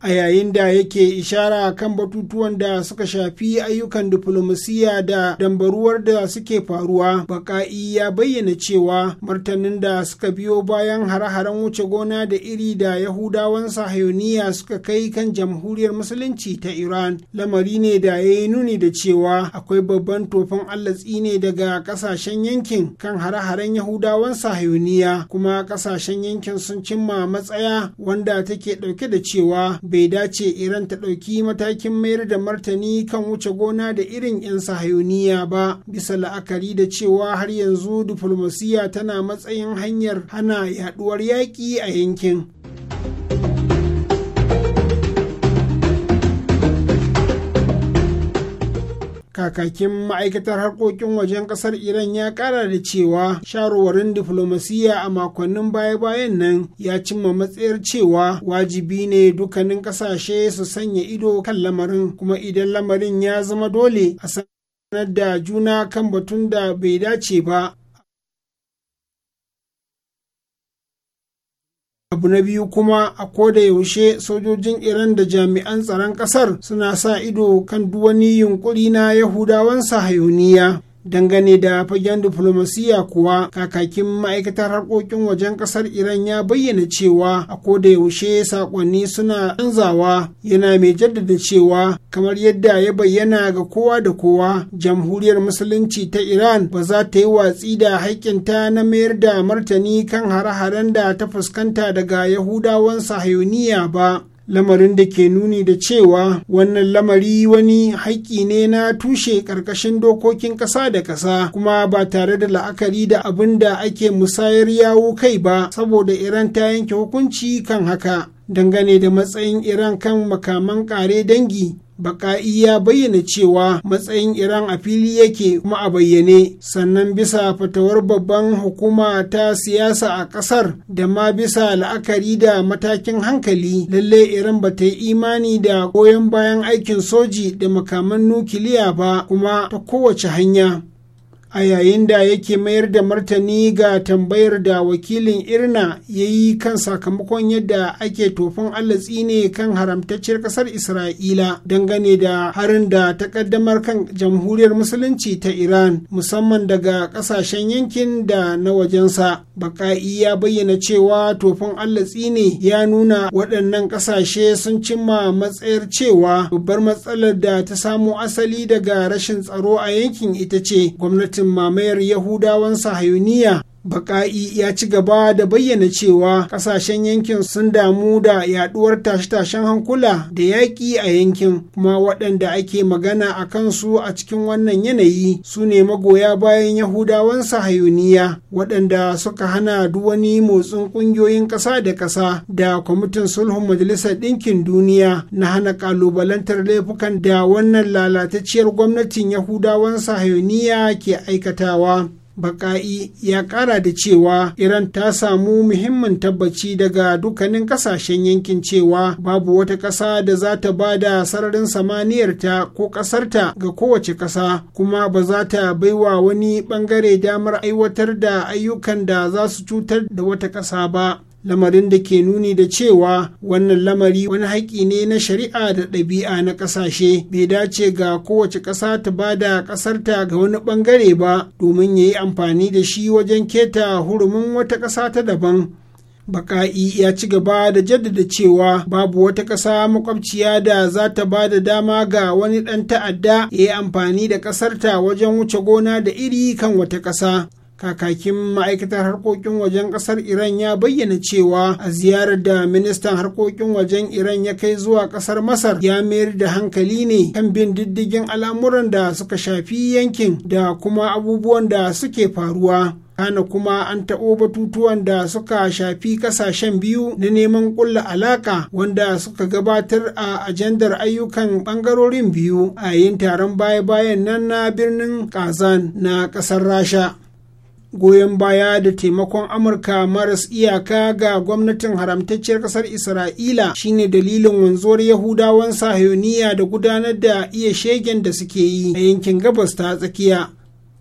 a yayin da yake ishara kan batutuwan da suka shafi ayyukan diflomasiyya da dambaruwar da suke faruwa baƙai ya bayyana cewa martanin da suka biyo bayan hare-haren wuce gona da iri da yahudawan sahayoniya suka kai kan jamhuriyar musulunci ta iran lamari ne da ya yi nuni da cewa akwai babban tofin allatsi ne daga kasashen yankin kan hare-haren yahudawan sahayoniya kuma kasashen yankin sun cimma matsaya wanda take dauke da cewa bai dace Iran ta ɗauki matakin mayar da martani kan wuce gona da irin 'yan sahayuniya ba bisa la'akari da cewa har yanzu diflomasiya tana matsayin hanyar hana yaduwar yaƙi a yankin. kakakin ma'aikatar harkokin wajen kasar iran ya kara da cewa sharuwarin diflomasiyya a makonnin baya-bayan nan ya cimma matsayar cewa wajibi ne dukkanin kasashe su sanya ido kan lamarin kuma idan lamarin ya zama dole a sanar da juna kan batun da bai dace ba abu na biyu kuma a koda yaushe sojojin iran da jami'an tsaron kasar suna sa ido kan duwani yunkuri na yahudawan sahayoniya. dangane da fagen diflomasiya kuwa kakakin ma'aikatar harkokin wajen kasar iran ya bayyana cewa a ko da yaushe sakonni suna canzawa yana mai jaddada cewa kamar yadda ya bayyana ga kowa da kowa jamhuriyar musulunci ta iran ba za ta yi watsi da haƙƙinta na mayar da martani kan hare-haren da ta fuskanta daga yahudawan sahayuniya ba lamarin da ke nuni da cewa wannan lamari wani haƙƙi ne na tushe ƙarƙashin dokokin ƙasa da ƙasa kuma ba tare da la'akari da abin da ake musayar yawo kai ba saboda iran ta yanke hukunci kan haka dangane da matsayin iran kan makaman kare dangi baka'i ya bayyana cewa matsayin iran a fili yake kuma a bayyane sannan bisa fatawar babban hukuma ta siyasa a ƙasar da ma bisa la'akari da matakin hankali lalle iran ba ta yi imani da goyon bayan aikin soji da makaman nukiliya ba kuma ta kowace hanya a yayin da yake mayar da martani ga tambayar da wakilin irna ya yi kan sakamakon yadda ake tofin allah tsine kan haramtacciyar kasar isra'ila dangane da harin da ta ƙaddamar kan jamhuriyar musulunci ta iran musamman daga kasashen yankin da na wajensa baka'i ya bayyana cewa tofin allah tsine ya nuna waɗannan kasashe sun cimma matsayar cewa babbar matsalar da ta samu asali daga rashin tsaro a yankin ita ce gwamnati gwamnatin mamayar Yahudawan Sahayuniya baƙa'i ya ci gaba da bayyana cewa ƙasashen yankin sun damu da yaɗuwar tashe-tashen hankula da yaƙi a yankin kuma waɗanda ake magana a kansu a cikin wannan yanayi su ne magoya bayan Yahudawan sahayuniya waɗanda suka hana duk wani motsin ƙungiyoyin ƙasa da ƙasa da kwamitin sulhun majalisar ɗinkin duniya na hana ƙalubalantar laifukan da wannan lalatacciyar gwamnatin Yahudawan sahayuniya ke aikatawa. baka'i ya kara da cewa iran ta samu muhimmin tabbaci daga dukkanin kasashen yankin cewa babu wata ƙasa da za ta ba da sararin samaniyarta ko ƙasarta ga kowace ƙasa kuma ba za ta baiwa wani ɓangare damar aiwatar da ayyukan da za su cutar da wata ƙasa ba lamarin da ke nuni da cewa wannan lamari wani haƙƙi ne na shari'a da ɗabi'a na ƙasashe bai dace ga kowace ƙasa ta ba da ƙasarta ga wani ɓangare ba domin ya yi amfani da shi wajen keta hurumin wata ƙasa ta daban Baƙa'i ya ci gaba da jaddada cewa babu wata ƙasa makwabciya da za ta ba da dama ga wani ɗan ta'adda ya yi amfani da ƙasarta wajen wuce gona da iri kan wata ƙasa kakakin ma'aikatar harkokin wajen ƙasar iran ya bayyana cewa a ziyarar da ministan harkokin wajen iran ya kai zuwa ƙasar masar ya mayar da hankali ne kan bin diddigin al'amuran da suka shafi yankin da kuma abubuwan da suke faruwa kana kuma an taɓo batutuwan da suka shafi ƙasashen biyu na neman ƙulla alaƙa wanda suka gabatar a ajandar ayyukan ɓangarorin biyu a yin taron baya-bayan nan na birnin kazan na ƙasar rasha goyon baya da taimakon amurka maras iyaka ga gwamnatin haramtacciyar kasar isra'ila shine dalilin wanzuwar yahudawan sahiyoniya da gudanar da iya shegen da suke yi a yankin gabas ta tsakiya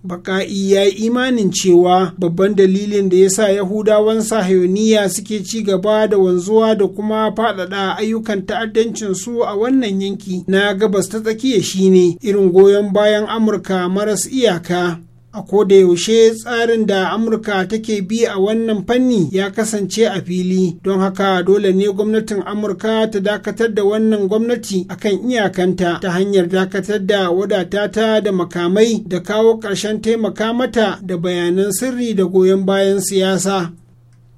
baka'i ya yi imanin cewa babban dalilin da ya sa yahudawan sahayoniya suke ci gaba da wanzuwa da kuma faɗaɗa ayyukan ta'addancin su a wannan yanki na gabas ta tsakiya shine irin goyon bayan amurka maras iyaka a yaushe tsarin da amurka take bi a wannan fanni ya kasance a fili don haka dole ne gwamnatin amurka ta dakatar da wannan gwamnati akan iyakanta ta hanyar dakatar da wadata ta da makamai da kawo ƙarshen taimaka mata da bayanan sirri da goyon bayan siyasa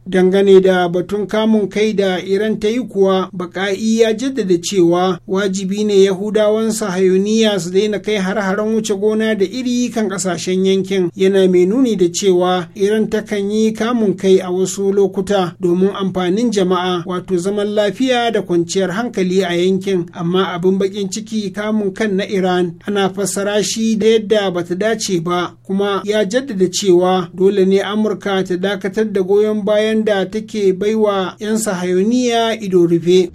dangane da batun kamun kai da iran ta yi kuwa baƙa'i ya jaddada cewa wajibi ne yahudawan sahayoniya su daina kai har-haren wuce gona da iri kan kasashen yankin yana mai nuni da cewa iran kan yi kamun kai a wasu lokuta domin amfanin jama'a wato zaman lafiya da kwanciyar hankali a yankin amma abin bakin ciki kamun kan na iran ana fassara shi da yadda ba ta dace ba kuma ya jaddada cewa dole ne amurka ta dakatar da goyon bayan bayanan da take baiwa 'yan sahayoniya ido rufe.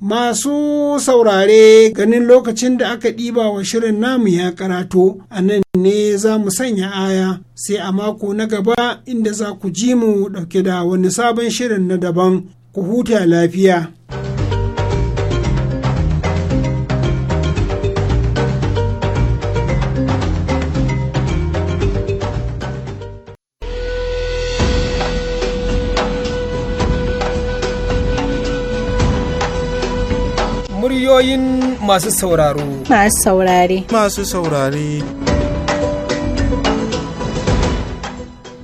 Masu saurare ganin lokacin da aka ɗiba wa shirin namu ya karato, a nan ne za mu sanya aya sai a mako na gaba inda za ku ji mu ɗauke da wani sabon shirin na daban, ku huta lafiya. Muryoyin masu sauraro. Masu saurare. Masu saurare.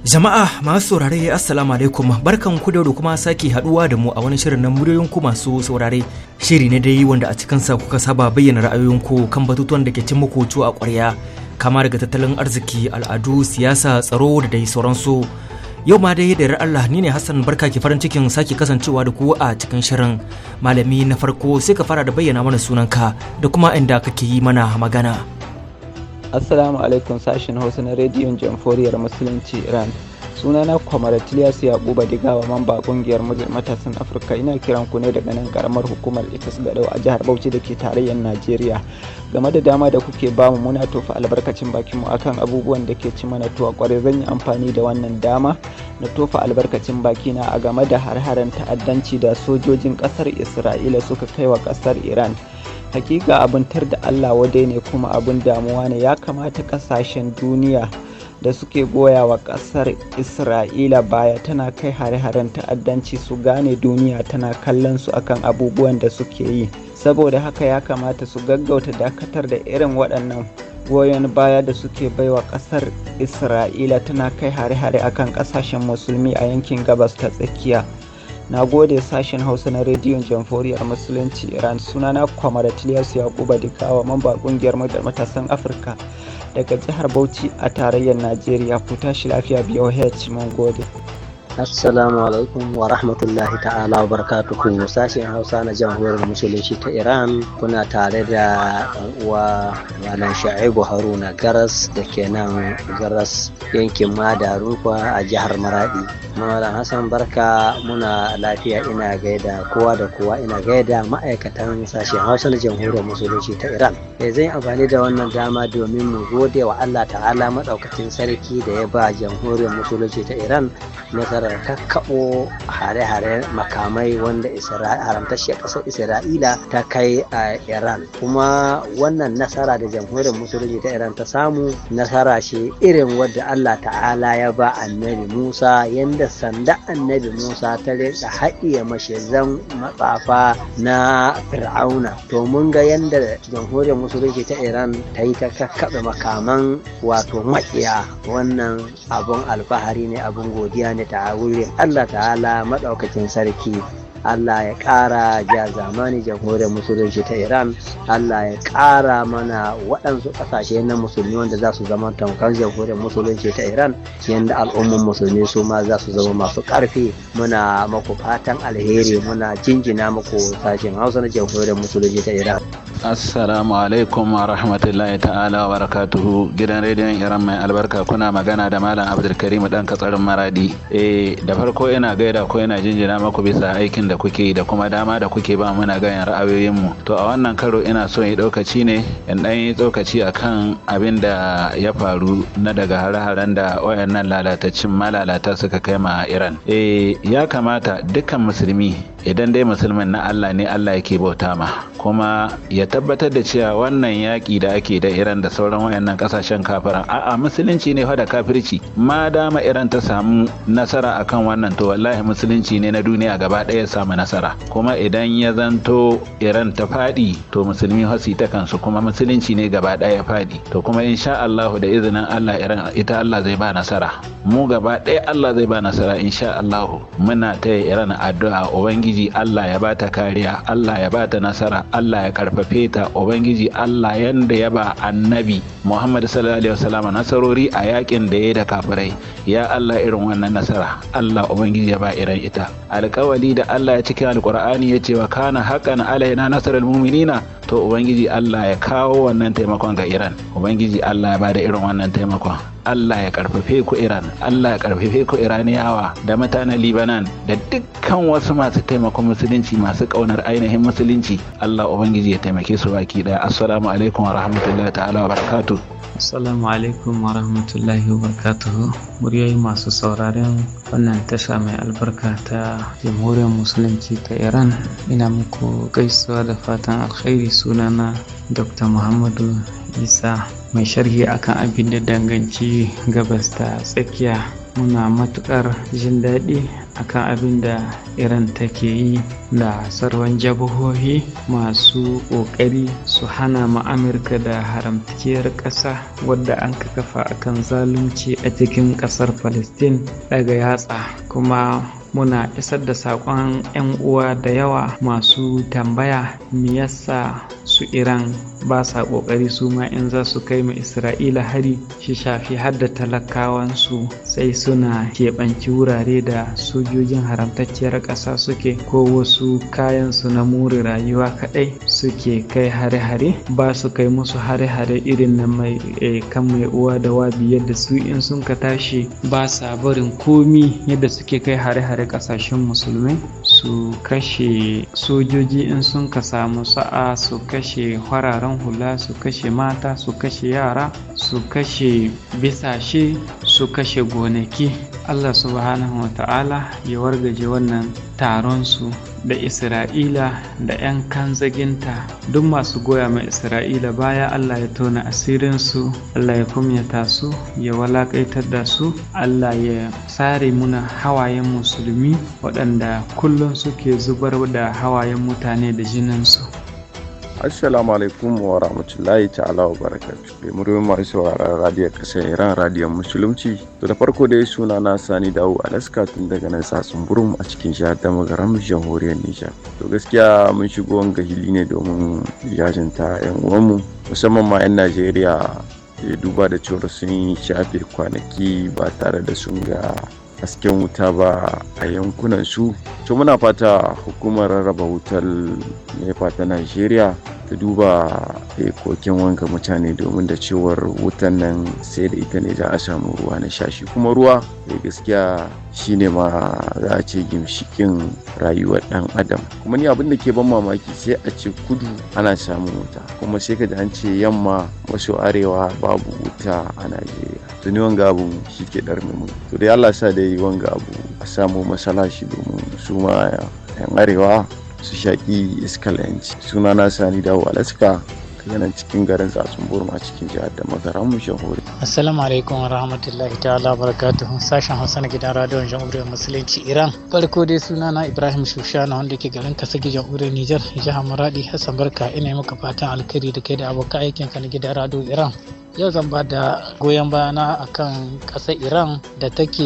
Jama'a masu saurare Assalamu alaikum barkan ku da kuma sake haduwa da mu a wani shirin na muryoyin ku masu saurare. Shiri ne dai wanda a cikin sa kuka saba bayyana ra'ayoyin ku kan batutuwan da ke cin muku a ƙwarya kama daga tattalin arziki, al'adu, siyasa, tsaro da dai sauransu. Yau ma dai da Allah ni ne Hassan barka ke farin cikin sake kasancewa da ku a cikin shirin malami na farko sai ka fara da bayyana mana sunanka da kuma inda kake yi mana magana. Assalamu alaikum sashen Hausa na rediyon Jamforiyar Musulunci Iran. sunana kwamar ya yakuba digawa mamba kungiyar matasan afirka ina kiran ku ne daga nan karamar hukumar itas gadau a jihar bauchi da ke tarayyar najeriya game da dama da kuke bamu muna tofa albarkacin bakin mu akan abubuwan da ke ci mana tuwa kwarai zan yi amfani da wannan dama na tofa albarkacin baki na a game da harharan ta'addanci da sojojin kasar isra'ila suka kai wa kasar iran hakika abin tar da allah wadai ne kuma abin damuwa ne ya kamata kasashen duniya da suke goya wa ƙasar isra'ila baya tana kai hare-haren ta'addanci su gane duniya tana kallon su akan abubuwan da suke yi saboda haka ya kamata su gaggauta dakatar da irin waɗannan goyon baya da suke baiwa ƙasar isra'ila tana kai hare-hare akan ƙasashen musulmi a yankin gabas ta tsakiya na gode sashen hausa na rediyon jamhuriyar musulunci iran sunana kwamar kuba da dikawa mamba kungiyar matasan afirka daga jihar Bauchi a tarayyar Najeriya ku tashi lafiya H. mun gode. Assalamu alaikum wa rahmatullahi ta'ala wa barakatuhu sashen Hausa na jamhuriyar musulunci ta Iran kuna tare da ɗan uwa Malam Sha'ibu Haruna Garas da ke nan Garas yankin Madarukwa a jihar Maradi. Malam Hassan Barka muna lafiya ina gaida kowa da kowa ina gaida ma'aikatan sashen Hausa na jamhuriyar musulunci ta Iran. E zan amfani da wannan dama domin mu gode wa Allah ta'ala madaukakin sarki da ya ba jamhuriyar musulunci ta Iran nasarar nasarar kakkabo hare-hare makamai wanda haramtashiyar ƙasar isra'ila ta kai a iran kuma wannan nasara da jamhuriyar musulunci ta iran ta samu nasara ce irin wadda allah ta'ala ya ba annabi musa yadda sanda annabi musa ta rika haɗiye mashizan matsafa na fir'auna to mun ga yadda jamhuriyar musulunci ta iran ta yi ta kakkaɓe makaman wato maƙiya wannan abun alfahari ne abun godiya ne ta wuri Allah ta'ala maɗaukakin sarki Allah ya ƙara ja zamani jamhuriyar musulunci ta Iran Allah ya ƙara mana waɗansu ƙasashe na musulmi wanda za su zama tamkar jamhuriyar musulunci ta Iran yadda al'ummar musulmi su ma za su zama masu ƙarfi muna maku fatan alheri muna jinjina muku sashen Hausa na jamhuriyar musulunci ta Iran. Assalamu alaikum wa rahmatullahi ta'ala wa barakatuhu gidan rediyon Iran mai albarka kuna magana da Malam Abdulkarim dan katsarin Maradi. Eh da farko ina gaida ko ina jinjina maku bisa aikin da kuke yi da kuma dama da kuke ba muna gayan ra'ayoyinmu to a wannan karo ina son yi ɗaukaci ne in ɗan yi tsokaci a kan abin da ya faru na daga har haren da wayannan lalatacin malalata suka kai ma iran eh ya kamata dukkan musulmi idan dai musulmin na Allah ne Allah yake bauta ma kuma ya tabbatar da cewa wannan yaƙi da ake da Iran da sauran wayannan kasashen kafiran a'a musulunci ne fa da kafirci ma dama Iran ta samu nasara akan wannan to wallahi musulunci ne na duniya gaba ɗaya samu nasara kuma idan ya zanto Iran ta faɗi to musulmi hasi ta kansu kuma musulunci ne gaba ɗaya faɗi to kuma insha Allah da izinin Allah Iran ita Allah zai ba nasara mu gaba ɗaya Allah zai ba nasara insha Allah muna ta Iran addu'a ubangiji ubangiji allah ya bata kariya allah ya bata nasara allah ya karfafe ta ubangiji allah yanda ya ba annabi muhammad sallallahu alaihi wasallam nasarori a yakin da ya da kafirai ya allah irin wannan nasara allah ubangiji ya ba irin ita alkawali da allah ya cikin alkur'ani ya ce wa kana haƙan alaina nasarar muminina to ubangiji Allah ya kawo wannan taimakon ga Iran ubangiji Allah ya bada irin wannan taimakon Allah ya karfafe ku Iran Allah ya karfafe ku Iraniyawa da mutanen Libanan da dukkan wasu masu taimakon musulunci masu kaunar ainihin musulunci Allah ubangiji ya taimake su baki daya assalamu alaikum wa rahmatullahi ta'ala wa barakatuh Assalamu alaikum wa rahmatullahi wa barkatuhu. Muryoyi masu sauraren wannan tasha mai albarka ta jamhuriyar musulunci ta Iran. Ina muku gaisuwa da fatan alkhairi sunana Dr. Muhammadu Isa mai sharhi akan abin da danganci gabas ta tsakiya muna matukar jin daɗi akan abin da iran take yi da sarwan jabohohi masu ƙoƙari su hana ma amurka da haramtakiyar ƙasa wadda an kafa akan zalunci a cikin ƙasar palestine daga yatsa kuma muna isar da saƙon 'yan uwa da yawa masu tambaya me yasa su iran ba sa ƙoƙari su ma in za su kai ma isra'ila hari shi shafi har da talakawansu sai suna keɓanci wurare da sojojin haramtacciyar ƙasa suke ko wasu kayansu na muri rayuwa kaɗai suke kai hare-hare ba su kai musu hare-hare irin na mai eh, kan mai uwa da wabi yadda su in sun ka tashi ba sa barin komi yadda suke kai hare-hare da kasashen musulmi su kashe sojoji in sun ka samu sa'a su kashe hararen hula su kashe mata su kashe yara su kashe bisashe su kashe gonaki allah subhanahu wa ta'ala ya wargaje wannan taron su da isra'ila da 'yan kan zaginta. duk masu goya mai isra'ila baya allah ya tona asirinsu allah ya kumyata su ya walakaitar da su allah ya sare muna hawayen musulmi waɗanda kullum suke zubar da hawayen mutane da jininsu assalamu alaikum wa rahmatullahi ta'ala wa barakatuh da muryoyin masu sauraron radiyo kasar iran radiyon musulunci to da farko dai suna na sani dawo alaska tun daga nan sasun burum a cikin jihar damagaram jamhuriyar nijar to gaskiya mun shigo ga hili ne domin jajinta yan uwanmu musamman ma yan najeriya ya duba da cewar sun shafe kwanaki ba tare da sun ga hasken wuta ba a yankunan su to muna fata hukumar rarraba wutar nefa ta najeriya ka duba kokin wanka mutane domin da cewar wutan nan sai da ita ne za a samu ruwa na shashi kuma ruwa da eh, gaskiya shi ne ma za a ce gimshikin rayuwar dan adam kuma ni abin da ke ban mamaki sai a ce kudu ana samun wuta kuma sai ka an ce yamma maso arewa babu wuta a najeriya tuni wanga abu shi ke dar mu to dai allah sa dai wanga abu a samu shi domin su ma yan arewa su shaƙi iskar yanci suna na sani dawo alaska nan cikin garin tsatsun burma cikin jihar da magaran mu shahuri. Assalamu alaikum wa rahmatullahi ta'ala barakatuhu sashen Hausa na gidan radiyon jamhuriyar musulunci Iran. Farko dai sunana Ibrahim Shushana wanda ke garin Kasagi jamhuriyar Nijar jihar Maradi Hassan Barka ina maka fatan alkhairi da kai da abokan aikin ka na gidan radiyon Iran. yau zan ba da goyon bayana akan ƙasar iran da take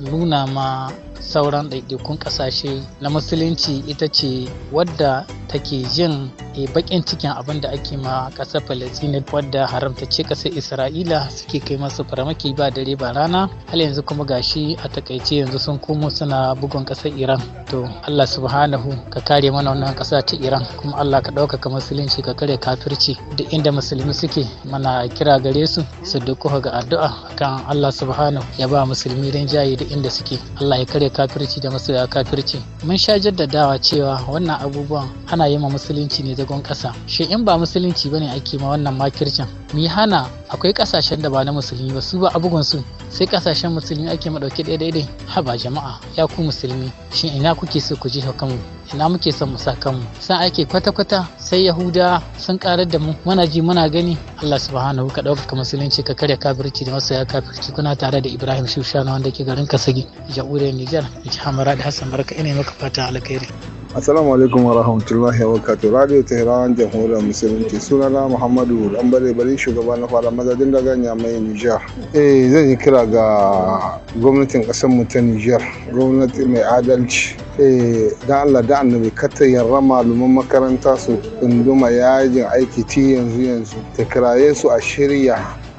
nuna ma sauran ɗaiɗaikun ƙasashe na musulunci ita ce wadda take jin e eh, bakin cikin abin da ake ma ƙasar palestine wadda haramta ce ƙasar isra'ila suke kai masu faramaki ba dare ba rana hal yanzu kuma gashi a takaice yanzu sun komo suna bugun ƙasar iran to allah subhanahu ka kare mana wannan ƙasa ta iran kuma allah ka ɗaukaka musulunci ka kare kafirci duk inda musulmi suke mana kira kira gare su su duka ga addu'a kan Allah subhanahu ya ba musulmi rinjaye da inda suke Allah ya kare kafirci da ya kafirci mun sha jaddadawa cewa wannan abubuwan ana yi ma musulunci ne zagon ƙasa shi in ba musulunci bane ake ma wannan makircin mu hana akwai kasashen da ba na musulmi ba su ba a su sai kasashen musulmi ake madauke ɗaya daidai haba jama'a ya ku musulmi shin ina kuke so ku ji mu ina muke son mu sa kanmu san ake kwata-kwata sai yahuda sun karar da mu muna ji muna gani allah subhanahu ka ɗaukaka musulunci ka karya kafirci da masoya kafirci kuna tare da ibrahim shushana wanda ke garin kasagi jamhuriyar nijar jihar da hassan barka ina maka fata alkhairi Assalamu alaikum wa rahmatullahi wa barakatuh. Radio Tehran Jamhuriyar Musulunci. Sunana Muhammadu Dan bare bari shugaba na fara mazajin da ganya mai Nijar. Eh zan yi kira ga gwamnatin kasar mu ta Nijar, gwamnati mai adalci. Eh dan Allah da annabi kata yarra malaman makaranta su dunduma yajin aiki ti yanzu yanzu. Ta kiraye su a shirya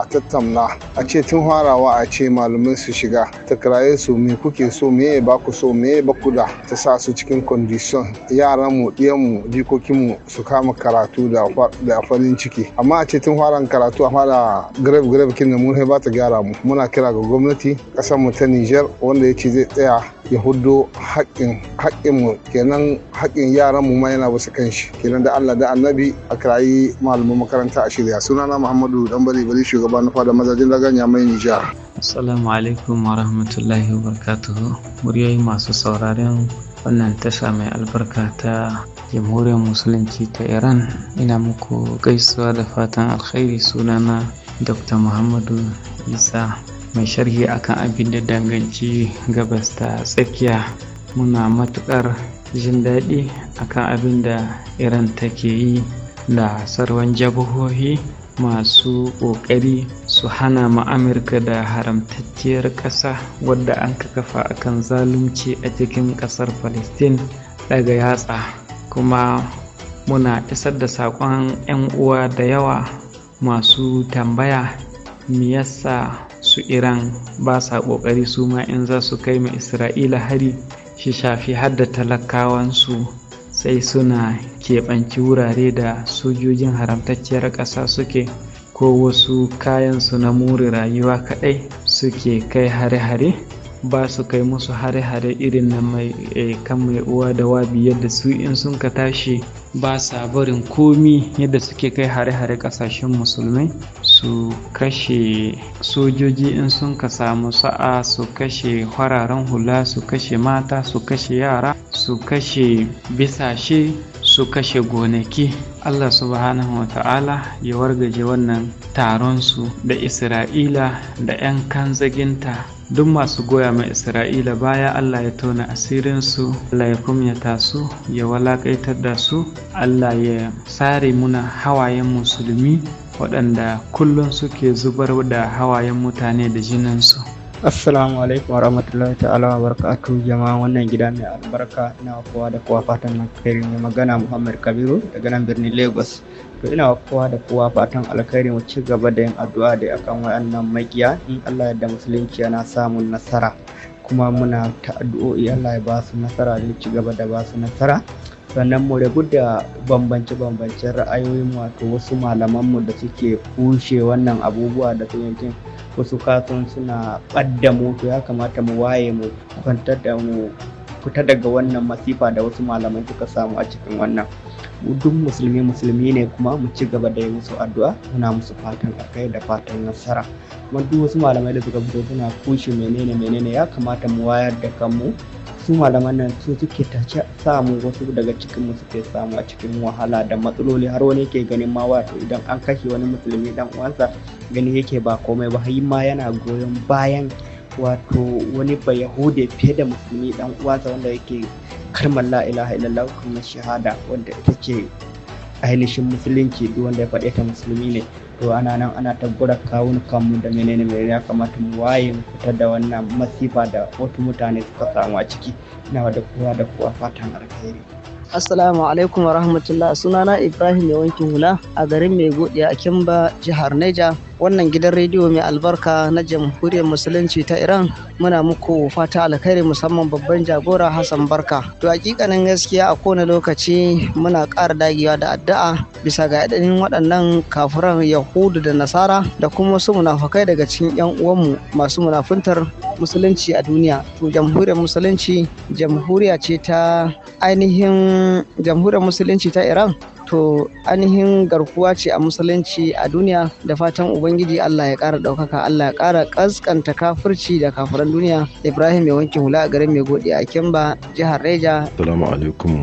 tattauna a ce tun harawa a ce malamin su shiga ta kiraye su me kuke so me ba ku so me ba ku da ta sa su cikin condition yaran mu diyan mu jikokin mu su kama karatu da farin ciki amma a ce tun faran karatu a fara grave grave kin da mun ba ta gyara mu muna kira ga gwamnati kasar mu ta Niger wanda ya ce zai tsaya ya hudo haƙƙin haƙƙin mu kenan haƙƙin yaran mu ma yana wasu kanshi kenan da Allah da Annabi a kirayi malaman makaranta a shirya sunana Muhammadu Danbali Bari shugaba. manufa da mazajin raganya mai Nijar. Assalamu alaikum wa rahmatullahi wa barakatuhu. Muryoyi masu sauraren wannan tasha mai albarka ta jamhuriyar musulunci ta Iran. Ina muku gaisuwa da fatan alkhairi sunana Dr. Muhammadu Isa mai sharhi akan abin da danganci gabas ta tsakiya. Muna matukar jin daɗi akan abin da Iran take yi da sarwan jabuhohi masu ƙoƙari su hana ma amurka da haramtacciyar ƙasa wadda an ka kafa akan zalunci a cikin ƙasar palestine daga yatsa kuma muna isar da saƙon 'yan uwa da yawa masu tambaya mi yasa su iran ba sa ƙoƙari su ma in za su kai ma isra'ila hari shi shafi hadda talakawansu sai suna keɓanci wurare da sojojin haramtacciyar ƙasa suke ko wasu kayansu na muri rayuwa kaɗai suke kai hare-hare ba su kai musu hare-hare irin na mai eh, kan mai uwa da wabi yadda su in sun ka tashi ba sa barin komi yadda suke kai hare-hare ƙasashen musulmai su kashe sojoji in sun ka samu sa'a su kashe fararen hula su kashe mata su kashe yara su kashe bisashe su kashe gonaki Allah subhanahu wa ta'ala ya wargaje wannan taron su da Isra'ila da 'yan kanzaginta duk masu goya mai isra'ila baya allah ya tona asirin su allah ya kumyata su ya walaƙaitar da su allah ya sare muna hawayen musulmi waɗanda kullum suke zubar da hawayen mutane da jininsu. Assalamu alaikum wa rahmatullahi ta'ala wa barakatu jama'a wannan gida mai albarka ina kowa da kowa fatan alkhairi mai magana Muhammad Kabiru daga nan birnin Lagos. To ina kowa da kowa fatan alkhairi mu ci gaba da yin addu'a da akan waɗannan magiya in Allah yadda musulunci yana samun nasara kuma muna ta addu'o'i Allah ya ba su nasara da ci gaba da ba su nasara. sannan mu rabu da bambance-bambancen ra'ayoyin wato wasu mu da suke kushe wannan abubuwa da yankin wasu kasan suna ɓadda mu ya kamata mu waye mu kwantar da mu fita daga wannan masifa da wasu malamai suka samu a cikin wannan duk musulmi musulmi ne kuma mu ci gaba da yi musu addu'a muna musu fatan akai da fatan nasara kuma duk wasu malamai da suka fito suna kushe menene menene ya kamata mu wayar da kanmu su malaman nan su suke ta samu wasu daga cikin mu suke samu a cikin wahala da matsaloli har wani yake ganin ma wato idan an kashe wani musulmi dan uwansa gani yake ba komai ba hayi ma yana goyon bayan wato wani ba yahude fiye da musulmi dan uwansa wanda yake kalmar la ilaha illallah kuma shahada wanda ita ce ainihin musulunci duk wanda ya faɗe ta musulmi ne to ana nan ana ta gura kawun kanmu da menene mai ya kamata mu waye mu fitar da wannan masifa da wasu mutane suka samu a ciki na da kowa da kowa fatan alkhairi Assalamu alaikum wa rahmatullah sunana Ibrahim ya wankin hula a garin Mai Godiya a Kimba jihar neja. wannan gidan rediyo mai albarka na jamhuriyar musulunci ta iran muna muku fata alkhairi musamman babban jagora hassan barka to hakikanin gaskiya a kowane lokaci muna ƙara dagewa da addu'a bisa ga yadanin waɗannan kafuran yahudu da nasara da kuma wasu munafakai daga cikin yan uwanmu masu munafuntar musulunci a duniya to jamhuriyar musulunci jamhuriya ce ta ainihin jamhuriyar musulunci ta iran to ainihin garkuwa ce a musulunci a duniya da fatan ubangiji allah ya kara ɗaukaka allah ya kara kaskanta kafirci da kafiran duniya ibrahim ya wanke hula a garin mai godi a kimba jihar reja salamu alaikum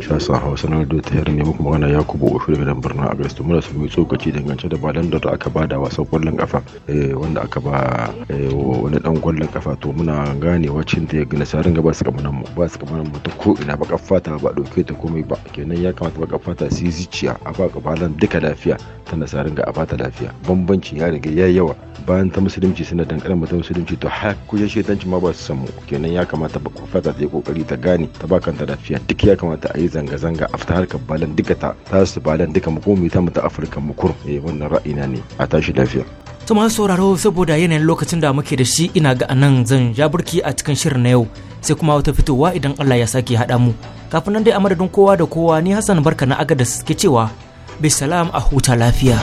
shasa hausa na da ta ne neman magana ya kubo ushu daga nan birnin agasto muna sun yi tsokaci dangance da balan da aka ba da wasan kwallon kafa eh, wanda aka ba eh, wani dan kwallon kafa to muna ganewa wacin da ya gina sarin gaba ba su kamanan mu ta ko ina ba fata ba ɗauke ta komai ba kenan ya kamata ba sai zuciya a ba kabalan duka lafiya ta nasarin ga a bata lafiya bambancin ya riga ya yawa bayan ta musulunci suna dankalin mutum musulunci to har kujen shaitanci ma ba su samu kenan ya kamata ba ku fata ta yi kokari ta gane ta ba kanta lafiya duk ya kamata a yi zanga-zanga a fita harkar balan duka ta ta su balan duka mu komi ta mu ta afirka mu kur eh wannan ra'ina ne a tashi lafiya To masu sauraro saboda yanayin lokacin da muke da shi ina ga anan zan ja burki a cikin shirin na yau sai kuma wata fitowa idan Allah ya sake haɗa mu. Kafin nan dai a madadin kowa da kowa ni Hassan Barka na Agadas ke cewa bisalam a huta lafiya.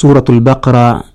سورة البقرة